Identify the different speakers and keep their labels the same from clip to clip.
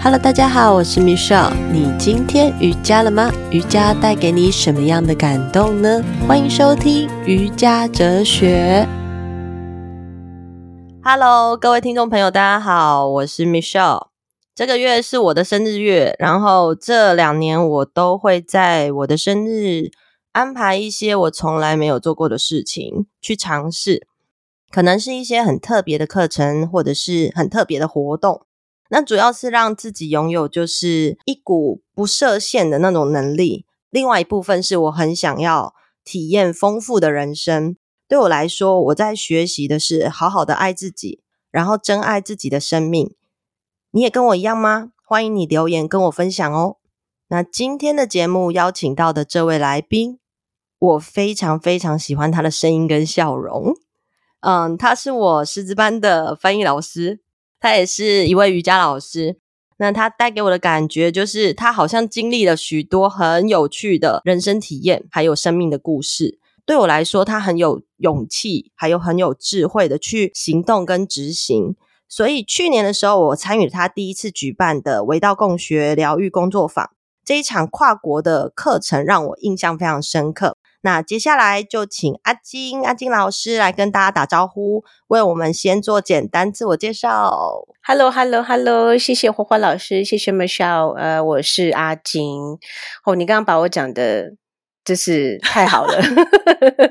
Speaker 1: Hello，大家好，我是 Michelle。你今天瑜伽了嗎？瑜伽帶給你什麼樣的感動呢？歡迎收聽瑜伽哲學。Hello，各位聽眾朋友，大家好，我是 Michelle。這個月是我的生日月，然後這兩年我都會在我的生日安排一些我從來沒有做過的事情去嘗試。可能是一些很特別的課程，或者是很特別的活動。那主要是讓自己擁有就是一股不設限的那種能力，另外一部分是我很想要體驗豐富的人生。對我來說，我在學習的是好好的愛自己，然後珍愛自己的生命。你也跟我一樣嗎？歡迎你留言跟我分享哦。那今天的節目邀請到的這位來賓，我非常非常喜歡她的聲音跟笑容。嗯，她是我師資班的翻譯老師。他也是一位瑜伽老師，那他帶給我的感覺就是，他好像經歷了許多很有趣的人生體驗，還有生命的故事。對我來說，他很有勇氣，還有很有智慧的去行動跟執行。所以去年的時候，我參與了他第一次舉辦的“惟道共學”療癒工作坊，這一場跨國的課程，讓我印象非常深刻。那接下來就請阿金阿金老師來跟大家打招呼，為我們先做簡單自我介紹。
Speaker 2: Hello，Hello，Hello，hello, hello, 謝謝花花老師，謝謝 Michelle，呃，我是阿金。哦，你剛剛把我講的，就是太好了，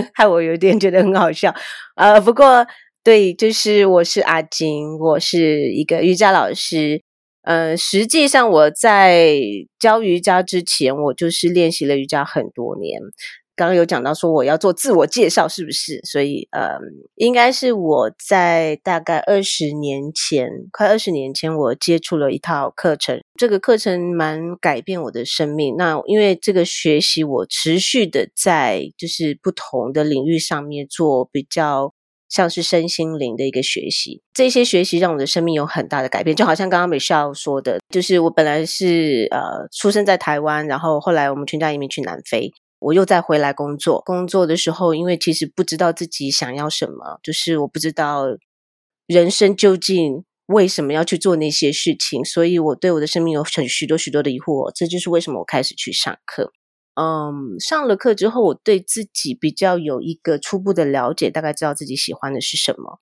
Speaker 2: 害我有點覺得很好笑。呃，不過對，就是我是阿金，我是一個瑜伽老師。呃，實際上我在教瑜伽之前，我就是練習了瑜伽很多年。剛剛有講到說我要做自我介紹，是不是？所以呃，應該是我在大概二十年前，快二十年前，我接觸了一套課程。這個課程蠻改變我的生命。那因為這個學習，我持續的在就是不同的領域上面做比較。像是身心靈的一個學習，這些學習讓我的生命有很大的改變。就好像剛剛 Michelle 說的，就是我本來是呃出生在台灣，然後後來我們全家移民去南非，我又再回來工作。工作的時候，因為其實不知道自己想要什麼，就是我不知道人生究竟為什麼要去做那些事情，所以我對我的生命有很許多許多的疑惑哦。這就是為什麼我開始去上課。嗯，上了課之後，我對自己比較有一個初步的了解，大概知道自己喜歡的是什麼。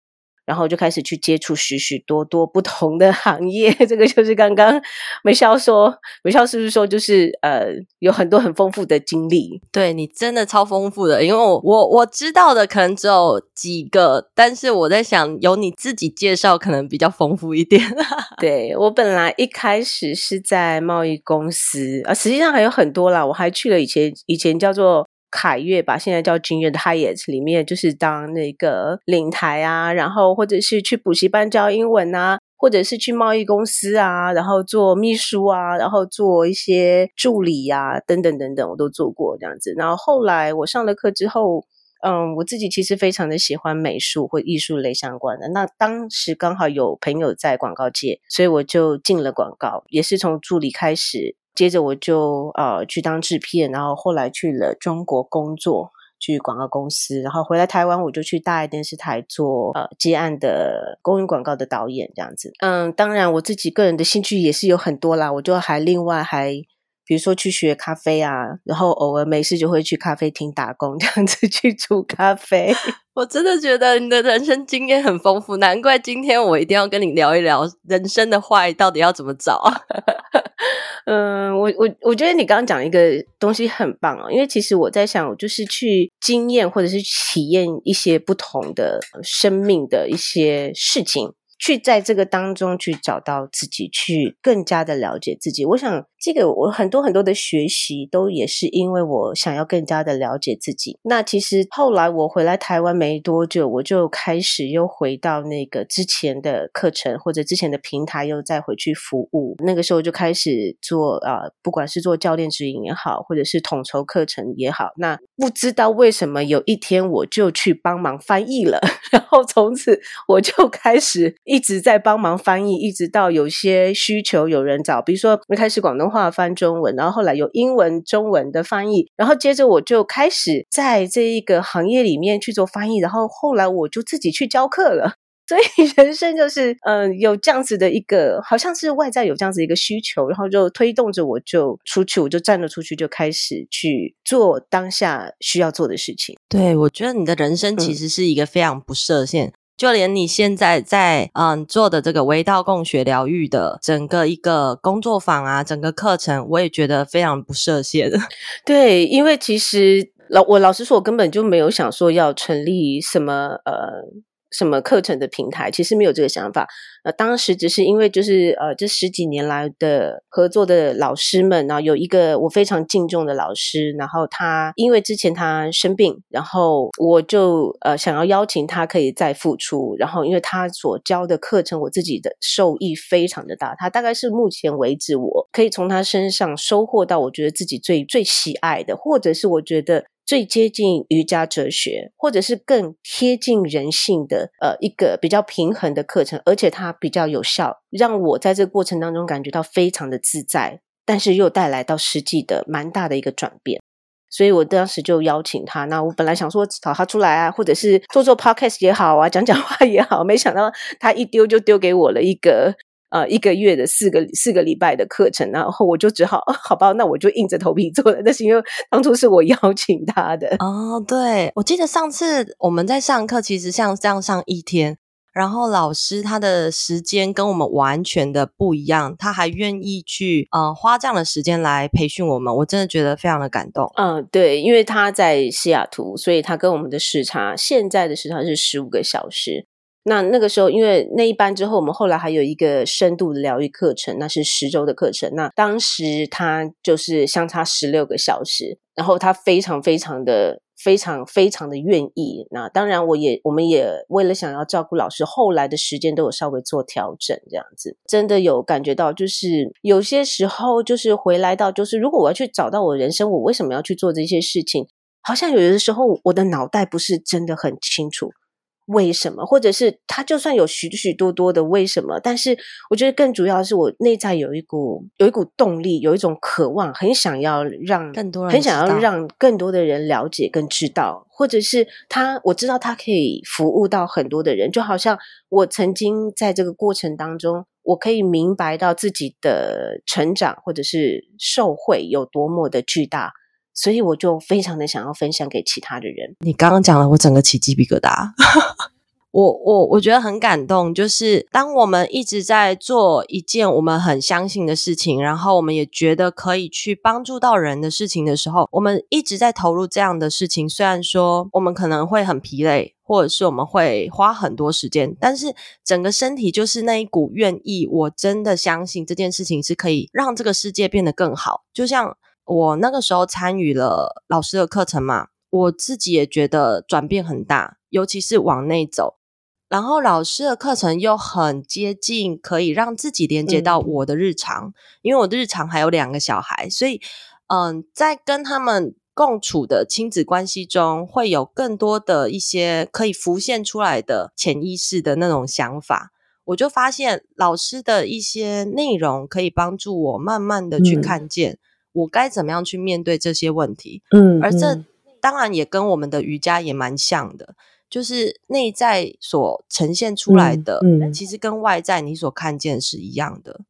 Speaker 2: 然後就開始去接觸許許多多不同的行業，這個就是剛剛 Michelle 說，Michelle 是不是說就是呃有很多很豐富的經歷？對，你真的超豐富的，因為我我我
Speaker 1: 知道的可能只有幾個，但是我在想，由你自己介紹可能比較豐富一點。
Speaker 2: 對，我本來一開始是在貿易公司啊、呃，實際上還有很多啦，我還去了以前以前叫做。凱悅吧，現在叫君悅的 Hyatt 裡面就是當那個領台啊，然後或者是去補習班教英文啊，或者是去貿易公司啊，然後做秘書啊，然後做一些助理啊，等等等等，我都做過這樣子。然後後來我上了課之後，嗯，我自己其實非常的喜歡美術或藝術類相關的。那當時剛好有朋友在廣告界，所以我就進了廣告，也是從助理開始。接着我就呃去當製片，然後後來去了中國工作，去廣告公司，然後回來台灣我就去大愛電視台做呃接案的公益廣告的導演這樣子。嗯，當然我自己個人的興趣也是有很多啦，我就還另外還比如說去學咖啡啊，然後偶爾沒事就會去咖啡廳打工這樣子去煮咖啡。
Speaker 1: 我真的覺得你的人生經驗很豐富，難怪今天我一定要跟你聊一聊人生的 Why 到底
Speaker 2: 要怎麼找啊。 嗯，我我我覺得你剛剛講一個東西很棒哦，因為其實我在想，我就是去經驗或者是體驗一些不同的生命的一些事情，去在這個當中去找到自己，去更加的了解自己。我想。這個我很多很多的學習都也是因為我想要更加的了解自己。那其實後來我回來台灣沒多久，我就開始又回到那個之前的課程或者之前的平台，又再回去服務。那個時候就開始做啊、呃，不管是做教練指引也好，或者是統籌課程也好。那不知道為什麼有一天我就去幫忙翻譯了，然後從此我就開始一直在幫忙翻譯，一直到有些需求有人找，比如說一開始廣東化翻中文，然後後來有英文中文的翻譯，然後接着我就開始在這一個行業裡面去做翻譯，然後後來我就自己去教課了。所以人生就是，嗯、呃，有這樣子的一個，好像是外在有這樣子一個需求，然後就推動着我就出去，我就站了出去，就開始去做當下需要做的事情。
Speaker 1: 對，我覺得你的人生其實是一個非常不設限。嗯就連你現在在嗯做的這個惟道共學療癒的整個一個工作坊啊，整個課程，我也覺得非
Speaker 2: 常不設限。對，因為其實老我，我老實說，我根本就沒有想說要成立什麼呃。什麼課程的平台？其實沒有這個想法。呃，當時只是因為就是呃，這十幾年來的合作的老師們，然後有一個我非常敬重的老師，然後他因為之前他生病，然後我就呃想要邀請他可以再復出。然後因為他所教的課程，我自己的受益非常的大。他大概是目前為止我，我可以從他身上收穫到我覺得自己最最喜愛的，或者是我覺得。最接近瑜伽哲學，或者是更貼近人性的呃一個比較平衡的課程，而且它比較有效，讓我在這個過程當中感覺到非常的自在，但是又帶來到實際的蠻大的一個轉變。所以我當時就邀請他，那我本來想說找他出來啊，或者是做做 Podcast 也好啊，講講話也好，沒想到他一丟就丟給我了一個。呃，一個月的四個四個禮拜的課程，然後我就只好，啊、好吧，那我就硬着頭皮做了。那是因為當初是我邀請他的。哦，對，我記得上
Speaker 1: 次我們在上課，其實像這樣上一天，然後老師他的時間跟我們完全的不一樣，他還願意去呃花這樣的時間來培訓我們，我真的覺得非常的感動。嗯，
Speaker 2: 對，因為他在西雅圖，所以他跟我們的時差，現在的時差是十五個小時。那那個時候，因為那一班之後，我們後來還有一個深度的療癒課程，那是十周的課程。那當時他就是相差十六個小時，然後他非常非常的、非常非常的願意。那當然，我也我們也為了想要照顧老師，後來的時間都有稍微做調整，這樣子真的有感覺到，就是有些時候就是回來到，就是如果我要去找到我人生，我為什麼要去做這些事情？好像有的時候我的腦袋不是真的很清楚。為什麼？或者是他就算有許許多多的為什麼，但是我覺得更主要是，我內在有一股有一股動力，有一種渴望，很想要讓
Speaker 1: 更多人，很想要讓
Speaker 2: 更多的人了解跟知道。或者是他，我知道他可以服務到很多的人，就好像我曾經在這個過程當中，我可以明白到自己的成長或者是受惠有多麼的巨大。所以我就非常的想要分享給其他的人。
Speaker 1: 你剛剛講了，我整個起雞皮疙瘩。我我我覺得很感動，就是當我們一直在做一件我們很相信的事情，然後我們也覺得可以去幫助到人的事情的時候，我們一直在投入這樣的事情。雖然說我們可能會很疲累，或者是我們會花很多時間，但是整個身體就是那一股願意。我真的相信這件事情是可以讓這個世界變得更好，就像。我那個時候參與了老師的課程嘛，我自己也覺得轉變很大，尤其是往內走。然後老師的課程又很接近，可以讓自己連接到我的日常，嗯，因為我的日常還有兩個小孩，所以嗯，呃，在跟他們共處的親子關係中，會有更多的一些可以浮現出來的潛意識的那種想法。我就發現老師的一些內容可以幫助我慢慢的去看見。嗯我該怎麼樣去面對這些問題？嗯，而這當然也跟我們的瑜伽也蠻像的，嗯、就是內在所呈現出來的，嗯嗯、其實跟外在你所看見是一樣的。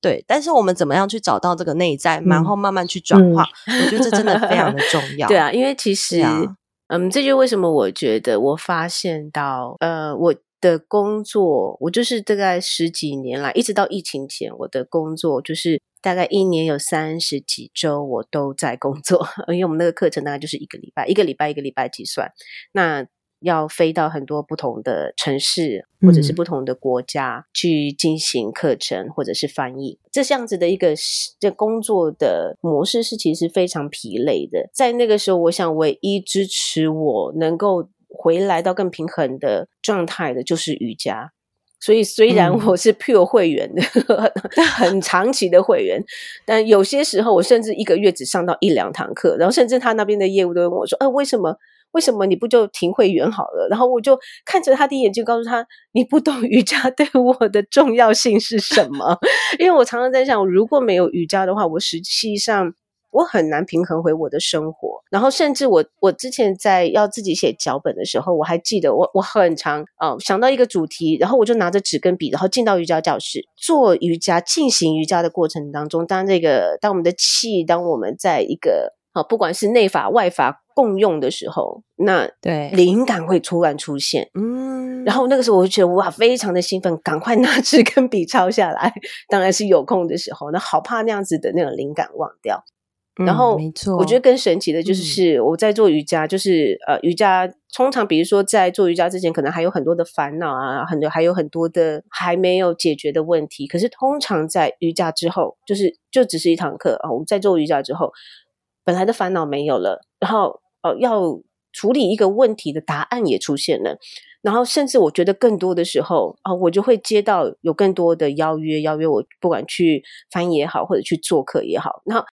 Speaker 1: 對，但是我們怎麼樣去找到這個內在，嗯、然後慢慢去轉化、嗯嗯？我覺得這真的非常的重要。 對啊，因
Speaker 2: 為其實，啊、嗯，這就為什麼我覺得我發現到，呃，我的工作，我就是大概十幾年來，一直到疫情前，我的工作就是。大概一年有三十幾週，我都在工作，因為我們那個課程大概就是一個禮拜，一個禮拜一個禮拜計算，那要飛到很多不同的城市，或者是不同的國家去進行課程，或者是翻譯，嗯、這，這樣子的一個這工作的模式是其實是非常疲累的。在那個時候，我想唯一支持我能夠回來到更平衡的狀態的，就是瑜伽。所以雖然我是 Pure 會員的，但、嗯、 很長期的會員，但有些時候我甚至一個月只上到一兩堂課，然後甚至他那邊的業務都會問我說：“呃，為什麼？為什麼你不就停會員好了？”然後我就看着他的眼睛，告訴他：“你不懂瑜伽對我的重要性是什麼？” 因為我常常在想，我如果沒有瑜伽的話，我實際上。我很難平衡回我的生活，然後甚至我我之前在要自己寫腳本的時候，我還記得我我很常啊、呃、想到一個主題，然後我就拿着紙跟筆，然後進到瑜伽教室做瑜伽，進行瑜伽的過程當中，當這、那個當我們的氣，當我們在一個啊、呃、不管是內法外法共用的時候，那對靈感會突然出現，嗯，然後那個時候我就覺得哇，非常的興奮，趕快拿紙跟筆抄下來。當然是有空的時候，那好怕那樣子的那種靈感忘掉。然後，沒錯，我覺得更神奇的就是我在做瑜伽，就是呃，瑜伽通常比如說，在做瑜伽之前，可能還有很多的煩惱啊，很多還有很多的還沒有解決的問題。可是通常在瑜伽之後，就是就只是一堂課啊，我們在做瑜伽之後，本來的煩惱沒有了，然後哦，要處理一個問題的答案也出現了，然後甚至我覺得更多的時候啊，我就會接到有更多的邀約，邀約我不管去翻譯也好，或者去做客也好，然後。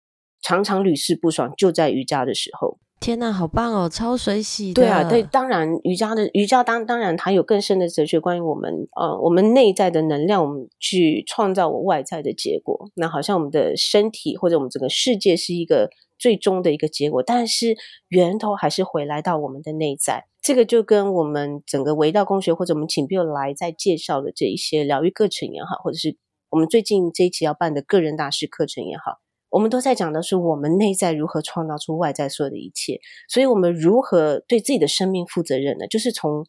Speaker 2: 常常屢試不爽，就在瑜伽的時候。
Speaker 1: 天哪、啊，好棒哦，超水洗的。對啊，對，
Speaker 2: 當然瑜伽的瑜伽當然當然它有更深的哲學，關於我們呃我們內在的能量，我們去創造我外在的結果。那好像我們的身體或者我們整個世界是一個最終的一個結果，但是源頭還是回來到我們的內在。這個就跟我們整個惟道共學或者我們請不來在介紹的這一些療癒課程也好，或者是我們最近這一期要辦的個人大師課程也好，我們都在講的是我們內在如何創造出外在所有的一切，所以我們如何對自己的生命負責任呢？就是從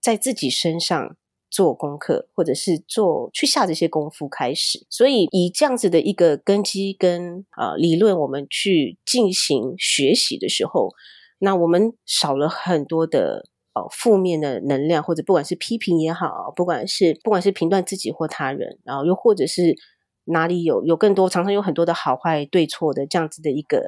Speaker 2: 在自己身上做功課，或者是做去下這些功夫開始。所以以這樣子的一個根基跟啊理論，我們去進行學習的時候，那我們少了很多的呃、啊、負面的能量，或者不管是批評也好，不管是不管是評斷自己或他人，然後又或者是，哪裡有有更多，常常有很多的好壞對錯的這樣子的一個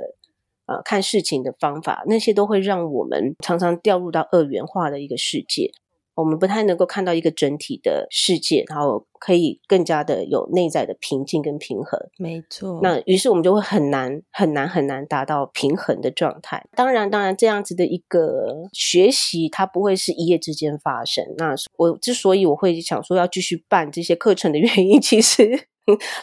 Speaker 2: 呃，看事情的方法，那些都會讓我們常常掉入到二元化的一個世界，我們不太能夠看到一個整體的世界，然後可以更加的有內在的平靜跟平衡。沒錯。那於是我們就會很難很難很難達到平衡的狀態。當然，當然這樣子的一個學習，它不會是一夜之間發生。那我之所以我會想說要繼續辦這些課程的原因，其實。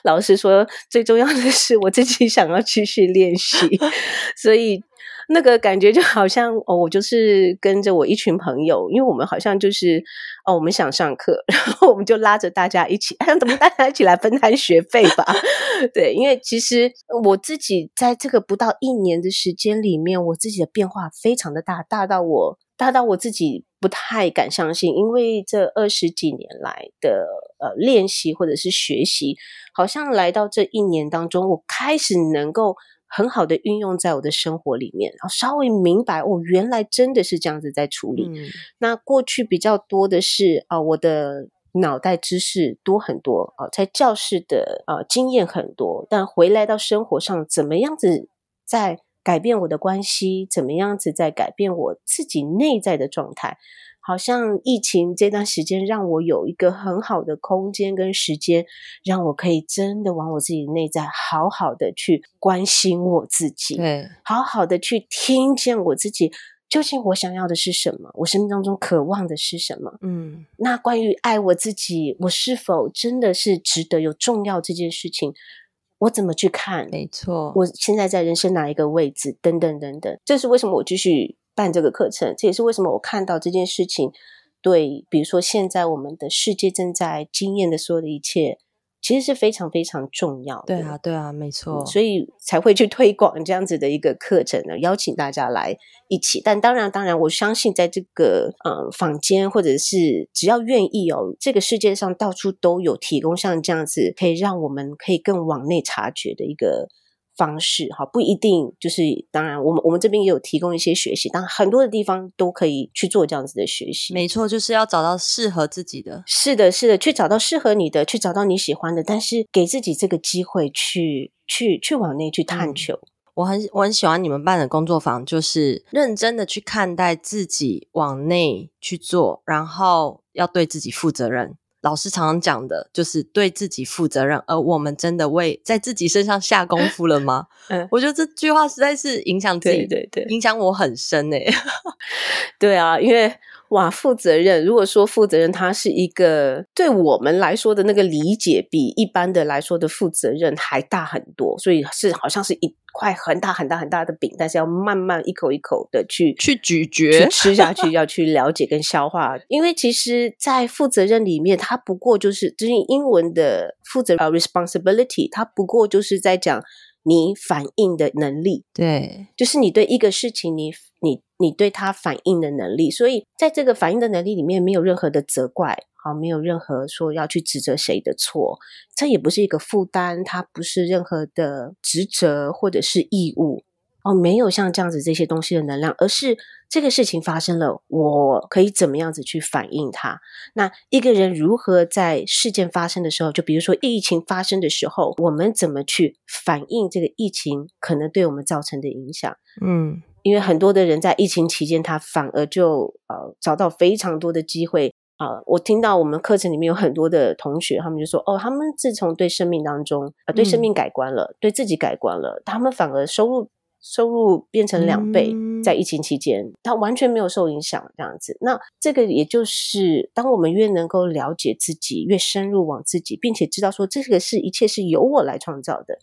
Speaker 2: 老師說，最重要的是我自己想要繼續練習，所以那個感覺就好像哦，我就是跟着我一群朋友，因為我們好像就是哦，我們想上課，然後我們就拉着大家一起，哎，怎麼大家一起來分攤學費吧？對，因為其實我自己在這個不到一年的時間裡面，我自己的變化非常的大，大到我大到我自己不太敢相信，因為這二十幾年來的。呃，練習或者是學習，好像來到這一年當中，我開始能夠很好的運用在我的生活裡面，然後稍微明白，我、哦、原來真的是這樣子在處理。嗯、那過去比較多的是啊、呃，我的腦袋知識多很多啊、呃，在教室的啊、呃、經驗很多，但回來到生活上，怎麼樣子在改變我的關係？怎麼樣子在改變我自己內在的狀態？好像疫情這段時間讓我有一個很好的空間跟時間，讓我可以真的往我自己內在好好的去關心我自己，對，好好的去聽見我自己，究竟我想要的是什麼，我生命當中渴望的是什麼。嗯，那關於愛我自己，我是否真的是值得有重要這件事情，我怎麼去看？沒錯，我現在在人生哪一個位置？等等等等，這是為什麼我繼續辦這個課程，這也是為什麼我看到這件事情。對，比如說現在我們的世界正在經驗的所有的一切，其實是非常非常重要的。對啊，對啊，沒錯、嗯，所以才會去推廣這樣子的一個課程，邀請大家來一起。但當然，當然，我相信在這個嗯、呃、坊間，或者是只要願意哦，這個世界上到處都有提供像這樣子，可以讓我們可以更往內察覺的一個方式哈，不一定就是。當然我們我們這邊也有提供一些學習，當然很多的地方都可以去做這樣子的學習。沒錯，就是要找到適合自己的。是的，是的，去找到適合你的，去找到你喜歡的，但是給自己這個機會去去去往內去探求。嗯、我
Speaker 1: 很我很喜歡你們辦的工作坊，就是認真的去看待自己往內去做，然後要對自己負責任，老師常常講的就是對自己負責任，而我們真的為在自己身上下功夫了嗎？ 嗯，我覺得這句
Speaker 2: 話實在是影響自己，對對對，影響我很深呢、欸。 對啊，因為。哇，負責任！如果說負責任，它是一個對我們來說的那個理解，比一般的來說的負責任還大很多，所以是好像是一塊很大很大很大的餅，但是要慢慢一口一口的去去咀嚼，去吃下去， 要去了解跟消化。因為其實，在負責任裡面，它不過就是就是英文的負責 responsibility，它不過就是在講你反應的能力，對，就是你對一個事情你，你你。你對他反應的能力，所以在這個反應的能力裡面，沒有任何的責怪，好，啊，沒有任何說要去指責誰的錯，這也不是一個負擔，它不是任何的職責或者是義務，哦，沒有像這樣子這些東西的能量，而是這個事情發生了，我可以怎麼樣子去反應它？那一個人如何在事件發生的時候，就比如說疫情發生的時候，我們怎麼去反應這個疫情可能對我們造成的影響？嗯。因為很多的人在疫情期間，他反而就呃找到非常多的機會啊、呃！我聽到我們課程裡面有很多的同學，他們就說：“哦，他們自從對生命當中啊、呃、對生命改觀了、嗯，對自己改觀了，他們反而收入收入變成兩倍、嗯，在疫情期間，他完全沒有受影響這樣子。那這個也就是，當我們越能夠了解自己，越深入往自己，並且知道說這個是一切是由我來創造的，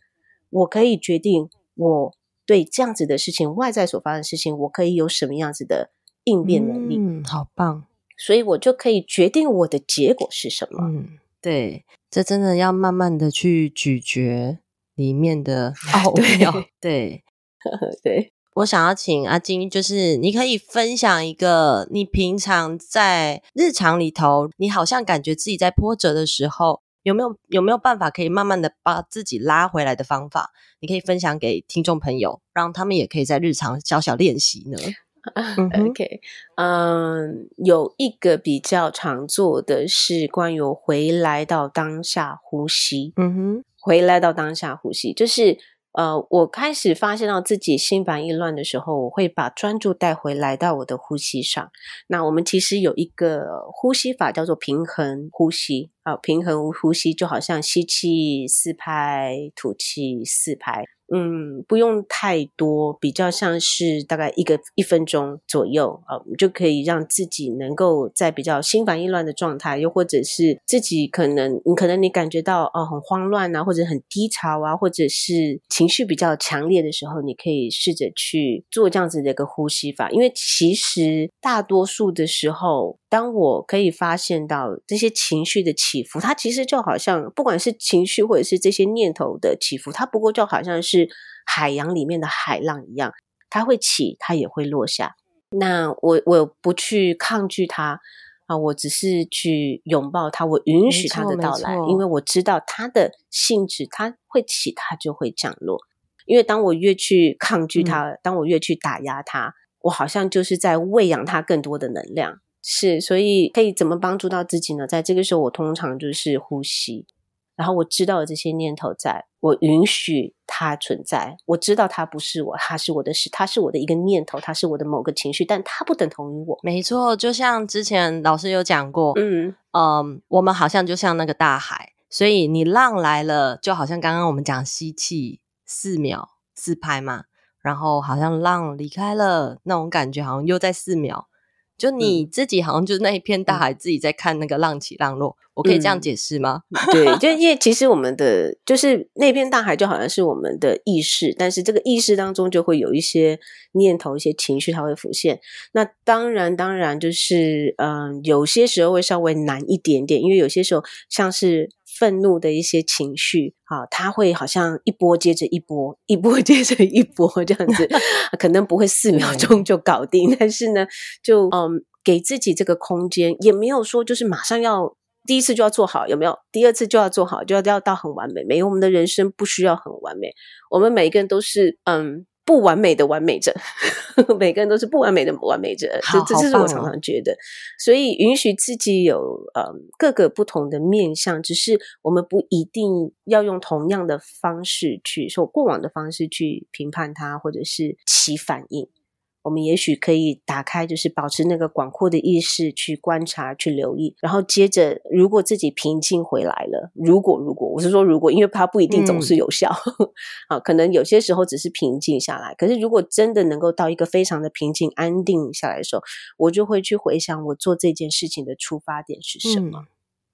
Speaker 2: 我可以決定我。”對這樣子的事情，外在所發生的事情，我可以有什麼樣子的應變能力？嗯，好棒，所以我就可以決定我的結果是什麼。嗯，對，這真
Speaker 1: 的要慢慢的去咀嚼裡面的奧妙、
Speaker 2: 哦。對，對， 對，
Speaker 1: 我想要請阿金，就是你可以分享一個，你平常在日常裡頭，你好像感覺自己在波折的時候。有沒有有沒有辦法可以慢慢的把自己拉回來的方法？你可以分享給聽眾朋友，讓
Speaker 2: 他們也可以在日常小小練習呢？ 嗯哼。OK，嗯、呃，有一個比較常做的是關於回來到當下呼吸。嗯哼，回來到當下呼吸，就是呃，我開始發現到自己心煩意亂的時候，我會把專注帶回來到我的呼吸上。那我們其實有一個呼吸法叫做平衡呼吸。好，平衡呼吸就好像吸氣四拍，吐氣四拍。嗯，不用太多，比較像是大概一個一分鐘左右啊，就可以讓自己能夠在比較心煩意亂的狀態，又或者是自己可能你可能你感覺到哦、啊、很慌亂啊，或者很低潮啊，或者是情緒比較強烈的時候，你可以試着去做這樣子的一個呼吸法。因為其實大多數的時候，當我可以發現到這些情緒的起伏，它其實就好像，不管是情緒，或者是這些念頭的起伏，它不過就好像是海洋裡面的海浪一樣，它會起，它也會落下。那我我不去抗拒它啊、呃，我只是去擁抱它，我允許它的到來，因為我知道它的性質，它會起，它就會降落。因為當我越去抗拒它，嗯、當我越去打壓它，我好像就是在餵養它更多的能量。是，所以可以怎麼幫助到自己呢？在這個時候，我通常就是呼吸，然後我知道的這些念頭在，我允許它存在，我知道它不是我，它是我的事，它是我的一個念頭，它是我的某個情緒，但它不等同於我。沒錯，就
Speaker 1: 像之前老師有講過，嗯嗯、呃，我們好像就像那個大海，所以你浪來了，就好像剛剛我們講吸氣四秒四拍嘛，然後好像浪離開了，那種感覺好像又在四秒。就你自己好像就是那一片大海，自己在看那個浪
Speaker 2: 起浪落，嗯、我可以這樣解釋嗎？嗯，對，就因為其實我們的就是那片大海就好像是我們的意識，但是這個意識當中就會有一些念頭、一些情緒，它會浮現。那當然，當然就是嗯、呃，有些時候會稍微難一點點，因為有些時候像是。憤怒的一些情緒，啊，它會好像一波接着一波，一波接着一波這樣子， 可能不會四秒鐘就搞定，但是呢，就嗯，給自己這個空間，也沒有說就是馬上要第一次就要做好，有沒有？第二次就要做好，就要要到很完美？沒有，我們的人生不需要很完美，我們每一個人都是嗯。不完美的完美者，每個人都是不完美的完美者，這這是我常常覺得。所以允許自己有呃、嗯、各個不同的面向，只是我們不一定要用同樣的方式去說，過往的方式去評判他，或者是起反應。我們也許可以打開，就是保持那個廣闊的意識去觀察、去留意，然後接着，如果自己平靜回來了，如果如果我是說如果，因為它不一定總是有效啊、嗯， 可能有些時候只是平靜下來。可是如果真的能夠到一個非常的平靜、安定下來的時候，我就會去回想我做這件事情的出發點是什麼，嗯、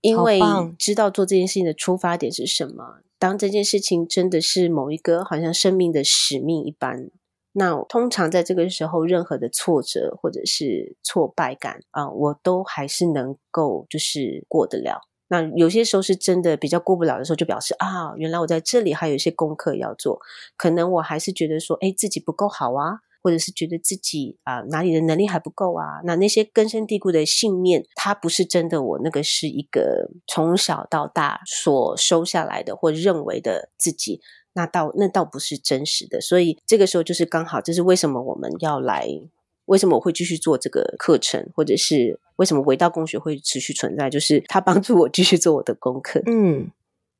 Speaker 2: 因為知道做這件事情的出發點是什麼，當這件事情真的是某一個好像生命的使命一般。那通常在這個時候，任何的挫折或者是挫敗感啊，我都還是能夠就是過得了。那有些時候是真的比較過不了的時候，就表示啊，原來我在這裡還有一些功課要做。可能我還是覺得說，哎，自己不夠好啊，或者是覺得自己啊，哪裡的能力還不夠啊。那那些根深蒂固的信念，它不是真的我，我那個是一個從小到大所收下來的或認為的自己。那倒那倒不是真實的，所以這個時候就是剛好，這是為什麼我們要來，為什麼我會繼續做這個課程，或者是為什麼惟道共學會持續存在，就是他幫助我繼續做我的功課。嗯，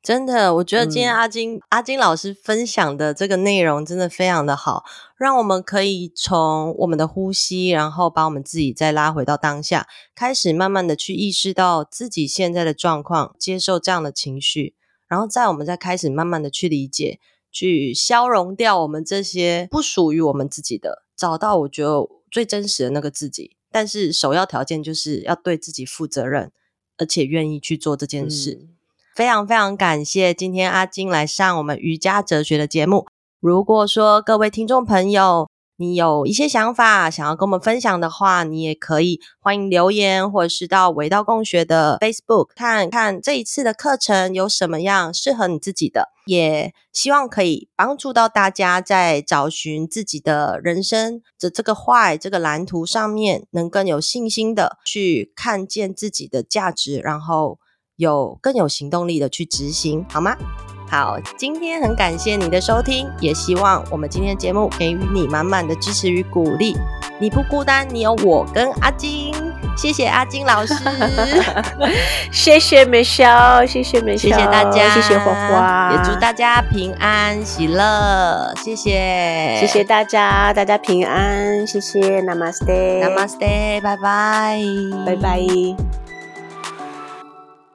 Speaker 1: 真的，我覺得今天阿金、嗯、阿金老師分享的這個內容真的非常的好，讓我們可以從我們的呼吸，然後把我們自己再拉回到當下，開始慢慢的去意識到自己現在的狀況，接受這樣的情緒。然後在我們再開始慢慢的去理解，去消融掉我們這些不屬於我們自己的，找到我覺得最真實的那個自己。但是首要條件就是要對自己負責任，而且願意去做這件事。嗯、非常非常感謝今天阿金來上我們瑜伽哲學的節目。如果說各位聽眾朋友，你有一些想法想要跟我們分享的話，你也可以歡迎留言，或者是到“惟道共學”的 Facebook 看看這一次的課程有什麼樣適合你自己的。也希望可以幫助到大家在找尋自己的人生的這，這個壞這個藍圖上面，能更有信心的去看見自己的價值，然後有更有行動力的去執行，好嗎？好，今天很感謝你的收聽，也希望我們今天的節目給予你滿滿的支持與鼓勵。你不孤單，你有我跟阿金。謝謝阿金老
Speaker 2: 師， 謝謝 Michelle，謝謝 Michelle，謝謝大家，謝謝花花，也祝
Speaker 1: 大家平安喜樂。謝謝，謝謝
Speaker 2: 大家，大家平安。謝謝 Namaste，Namaste，拜拜，拜拜。Namaste, bye bye bye bye